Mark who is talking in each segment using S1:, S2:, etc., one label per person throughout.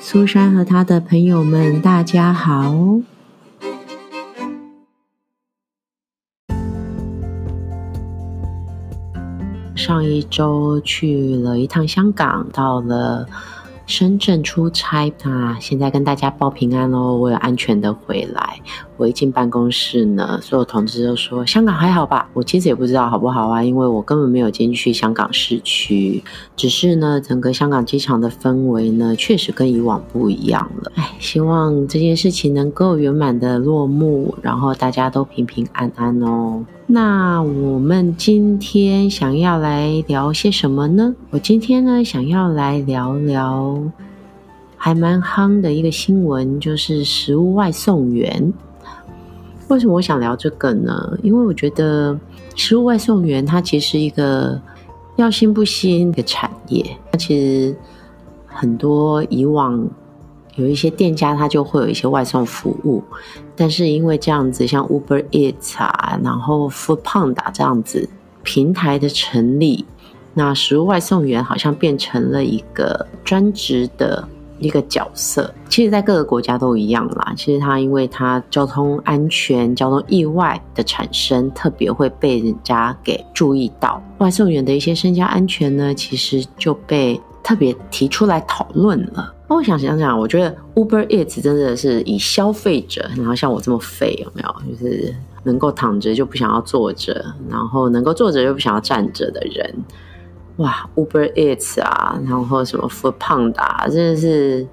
S1: 蘇珊和他的朋友們，大家好。上一周去了一趟香港，到了。深圳出差啊，現在跟大家報平安哦，我有安全的回來。我一進辦公室呢，所有同事都說香港還好吧？我其實也不知道好不好啊，因為我根本沒有進去香港市區。只是呢，整個香港機場的氛圍呢，確實跟以往不一樣了。哎，希望這件事情能夠圓滿的落幕，然後大家都平平安安哦。那我們今天想要來聊些什麼呢？我今天呢，想要來聊聊還蠻夯的一個新聞，就是食物外送員。為什麼我想聊這個呢？因為我覺得食物外送員它其實是一個要新不新的產業，它其實很多以往。有一些店家他就會有一些外送服務，但是因為這樣子，像 Uber Eats 啊，然後 Foodpanda 啊，這樣子平台的成立，那食物外送員好像變成了一個專職的一個角色。其實，在各個國家都一樣啦。其實他因為他交通安全、交通意外的產生，特別會被人家給注意到，外送員的一些身家安全呢，其實就被特別提出來討論了。我想想想，我覺得 Uber Eats 真的是以消費者，然後像我這麼廢有沒有？就是能夠躺着就不想要坐着，然後能夠坐着又不想要站着的人，哇，Uber Eats 啊，然後什麼 Foodpanda 啊，真的是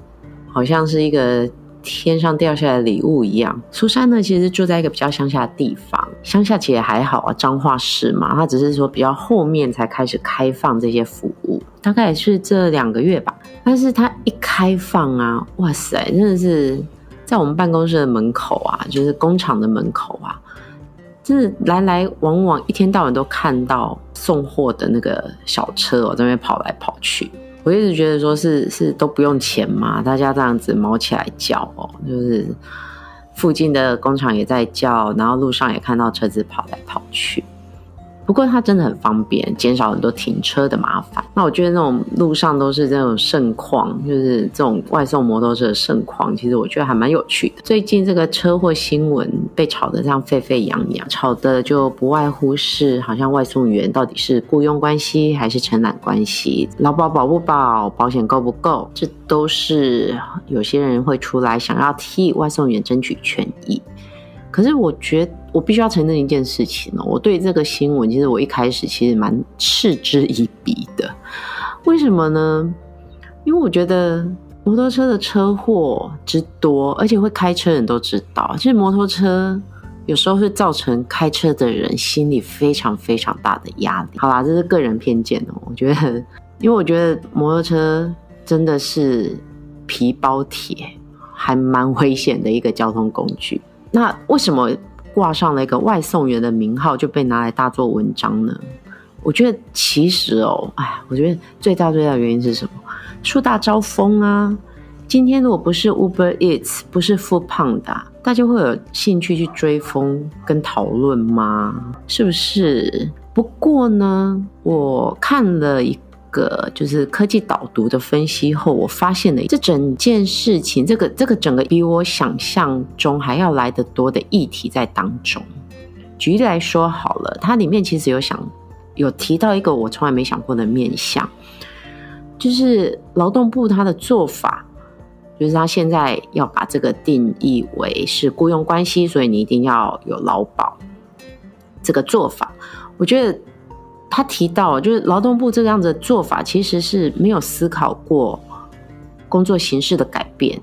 S1: 好像是一個天上掉下來的禮物一樣。蘇珊呢，其實住在一個比較鄉下的地方，鄉下其實還好啊，彰化市嘛，它只是說比較後面才開始開放這些服務，大概也是這兩個月吧。但是它一開放啊，哇塞，真的是在我們辦公室的門口啊，就是工廠的門口啊，就是來來往往，一天到晚都看到送貨的那個小車哦，在那邊跑來跑去。我一直覺得說是是都不用錢嘛，大家這樣子卯起來叫哦，就是附近的工廠也在叫，然後路上也看到車子跑來跑去。不過它真的很方便，減少很多停車的麻煩。那我覺得那種路上都是這種盛況，就是這種外送摩托車的盛況，其實我覺得還蠻有趣的。最近這個車禍新聞被炒得這樣沸沸揚揚，炒得就不外乎是，好像外送員到底是雇傭關係還是承攬關係，勞保保不保，保險夠不夠，這都是有些人會出來想要替外送員爭取權益。可是，我覺得我必須要承認一件事情哦，我對這個新聞，其實我一開始其實蠻嗤之以鼻的。為什麼呢？因為我覺得摩托車的車禍之多，而且會開車人都知道，其實摩托車有時候會造成開車的人心裡非常非常大的壓力。好啦，這是個人偏見哦。我覺得，因為我覺得摩托車真的是皮包鐵，還蠻危險的一個交通工具。那為什麼掛上了一個外送員的名號，就被拿來大做文章呢？我覺得其實哦，哎，我覺得最大最大的原因是什麼？樹大招風啊！今天如果不是 Uber Eats，不是富胖達，大家會有興趣去追風跟討論嗎？是不是？不過呢，我看了一個，這個就是科技導讀的分析後，我發現了這整件事情，這個這個整個比我想象中還要來得多的議題在當中。舉例來說好了，它裡面其實有想有提到一個我從來沒想過的面向，就是勞動部它的做法，就是他現在要把這個定義為是雇傭關係，所以你一定要有勞保，這個做法，我覺得。他提到，就是勞動部這樣子的做法其實是沒有思考過工作形式的改變，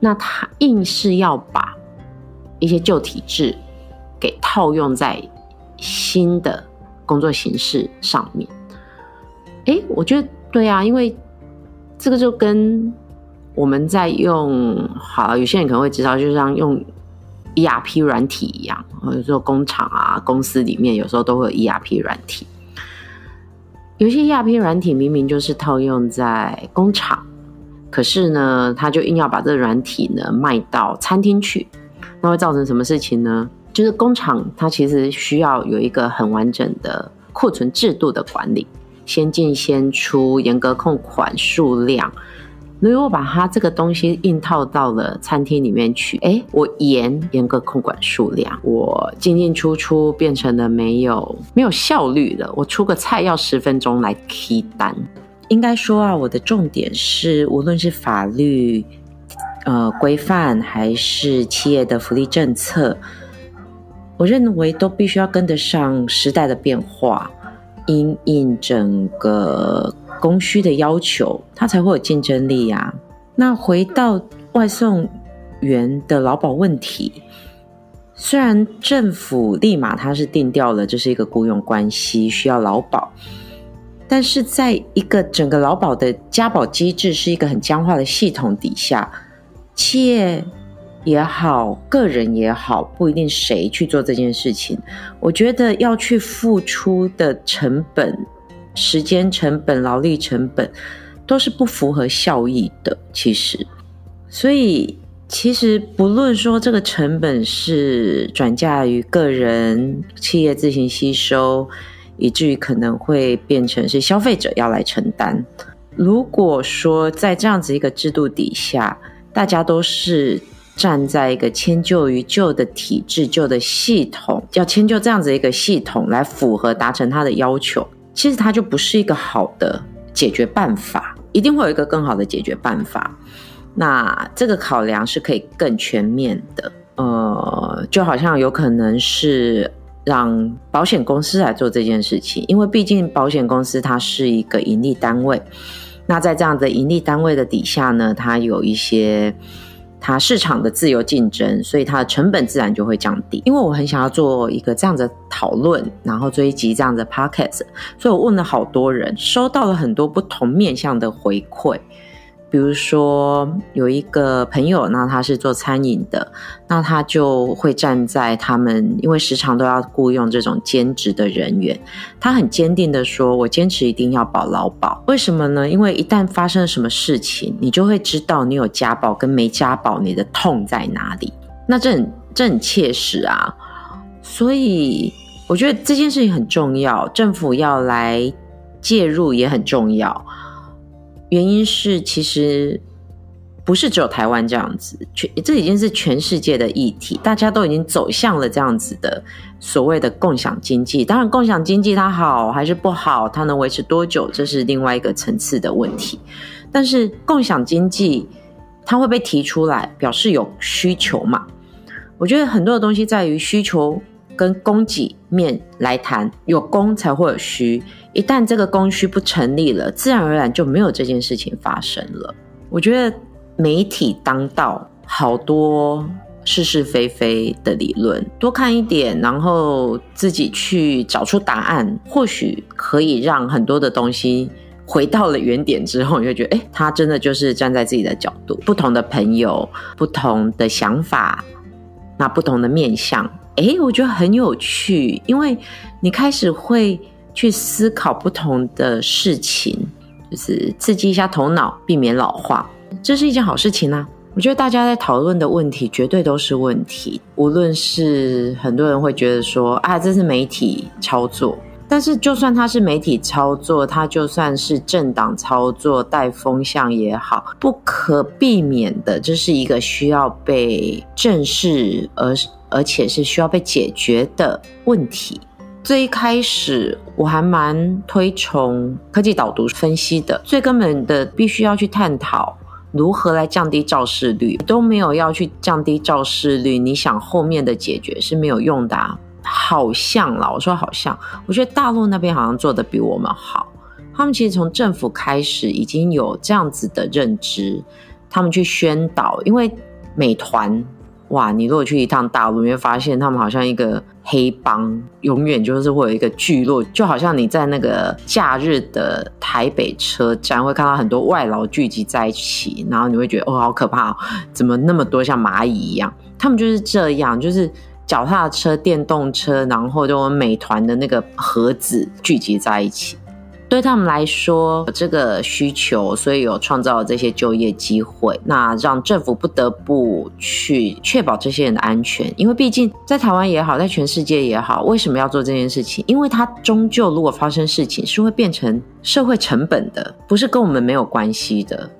S1: 那他硬是要把一些舊體制給套用在新的工作形式上面。哎，我覺得對啊，因為這個就跟我們在用，好了，有些人可能會知道，就像用 ERP 軟體一樣，有時候工廠啊、公司裡面有時候都會有 ERP 軟體。有些亞批軟體明明就是套用在工廠，可是呢，他就硬要把這軟體呢賣到餐廳去，那會造成什麼事情呢？就是工廠它其實需要有一個很完整的庫存制度的管理，先進先出，嚴格控款數量，如果我把它這個東西硬套到了餐廳裡面去，哎，我嚴嚴格控管數量，我進進出出變成了沒有沒有效率的。我出個菜要十分鐘來 K 單。應該說啊，我的重點是，無論是法律呃規範，還是企業的福利政策，我認為都必須要跟得上時代的變化，因應整個供需的要求，它才會有競爭力呀、啊。那回到外送員的勞保問題，雖然政府立馬它是定調了，這是一個僱傭關係，需要勞保，但是在一個整個勞保的加保機制是一個很僵化的系統底下，企業也好，個人也好，不一定誰去做這件事情。我覺得要去付出的成本。時間成本、勞力成本，都是不符合效益的。其實，所以其實不論說這個成本是轉嫁於個人、企業自行吸收，以至於可能會變成是消費者要來承擔。如果說在這樣子一個制度底下，大家都是站在一個遷就於舊的體制、舊的系統，要遷就這樣子一個系統來符合達成他的要求。其實它就不是一個好的解決辦法，一定會有一個更好的解決辦法。那這個考量是可以更全面的，呃，就好像有可能是讓保險公司來做這件事情，因為畢竟保險公司它是一個盈利單位。那在這樣的盈利單位的底下呢，它有一些。它市場的自由競爭，所以它的成本自然就會降低。因為我很想要做一個這樣的討論，然後做一集這樣的 podcast，所以我問了好多人，收到了很多不同面向的回饋。比如說有一個朋友，那他是做餐飲的，那他就會站在他們，因為時常都要雇傭這種兼職的人員，他很堅定的說：“我堅持一定要保勞保。”為什麼呢？因為一旦發生了什麼事情，你就會知道你有加保跟沒加保，你的痛在哪裡。那這很這很切實啊，所以我覺得這件事情很重要，政府要來介入也很重要。原因是其實不是只有台灣這樣子，這已經是全世界的議題，大家都已經走向了這樣子的所謂的共享經濟。當然，共享經濟它好還是不好，它能維持多久，這是另外一個層次的問題。但是共享經濟它會被提出來，表示有需求嘛？我覺得很多的東西在於需求。跟供給面來談，有供才會有需，一旦這個供需不成立了，自然而然就沒有這件事情發生了。我覺得媒體當道，好多是是非非的理論，多看一點，然後自己去找出答案，或許可以讓很多的東西回到了原點之後，你就覺得，哎，他真的就是站在自己的角度，不同的朋友，不同的想法，那不同的面向。哎，我覺得很有趣，因為你開始會去思考不同的事情，就是刺激一下頭腦，避免老化，這是一件好事情啊！我覺得大家在討論的問題，絕對都是問題。無論是很多人會覺得說，啊，這是媒體操作，但是就算它是媒體操作，它就算是政黨操作，帶風向也好，不可避免的，這是一個需要被正視而，而且是需要被解決的問題。最一開始，我還蠻推崇科技導讀分析的。最根本的，必須要去探討如何來降低肇事率。都沒有要去降低肇事率，你想後面的解決是沒有用的啊。好像啦，我說好像，我覺得大陸那邊好像做得比我們好。他們其實從政府開始已經有這樣子的認知，他們去宣導，因為美團。哇，你如果去一趟大陸，你會發現他們好像一個黑幫，永遠就是會有一個聚落，就好像你在那個假日的台北車站會看到很多外勞聚集在一起，然後你會覺得哦，好可怕，怎麼那麼多像螞蟻一樣？他們就是這樣，就是腳踏車、電動車，然後就我們美團的那個盒子聚集在一起。對他們來說，這個需求，所以有創造這些就業機會，那讓政府不得不去確保這些人的安全，因為畢竟在台灣也好，在全世界也好，為什麼要做這件事情？因為它終究如果發生事情，是會變成社會成本的，不是跟我們沒有關係的。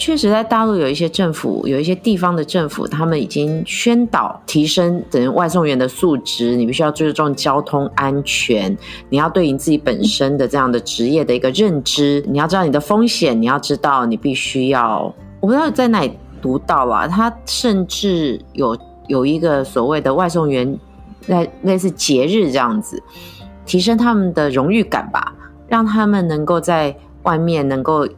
S1: 確實，在大陸有一些政府，有一些地方的政府，他們已經宣導提升等於外送員的素質。你必須要注重交通安全，你要對你自己本身的這樣的職業的一個認知，你要知道你的風險，你要知道你必須要。我不知道在哪裡讀到了，他甚至有有一個所謂的外送員，在類似節日這樣子提升他們的榮譽感吧，讓他們能夠在外面能夠。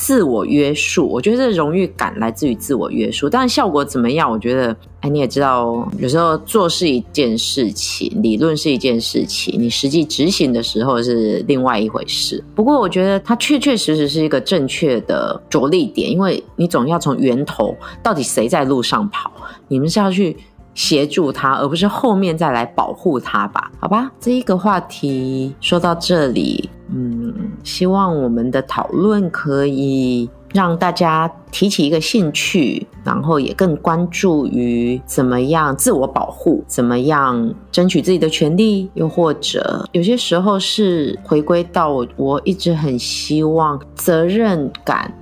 S1: 自我約束，我覺得這榮譽感來自於自我約束，但是效果怎麼樣？我覺得，哎，你也知道，有時候做是一件事情，理論是一件事情，你實際執行的時候是另外一回事。不過，我覺得它確確實實是一個正確的着力點，因為你總要從源頭，到底誰在路上跑，你們是要去。協助他，而不是後面再來保護他吧。好吧，這一個話題說到這裡，嗯，希望我們的討論可以讓大家提起一個興趣，然後也更關注於怎麼樣自我保護，怎麼樣爭取自己的權利，又或者有些時候是回歸到我，我一直很希望責任感。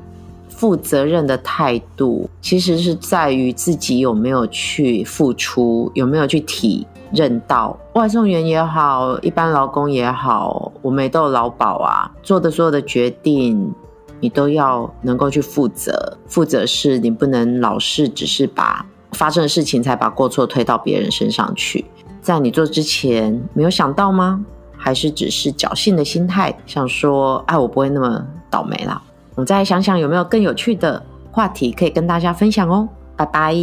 S1: 負責任的態度，其實是在於自己有沒有去付出，有沒有去體認到，外送員也好，一般勞工也好，我們也都有勞保啊。做的所有的決定，你都要能夠去負責。負責是你不能老是只是把發生的事情才把過錯推到別人身上去。在你做之前，沒有想到嗎？還是只是僥倖的心態，想說，哎，我不會那麼倒霉啦！我再想想有沒有更有趣的話題可以跟大家分享哦，拜拜。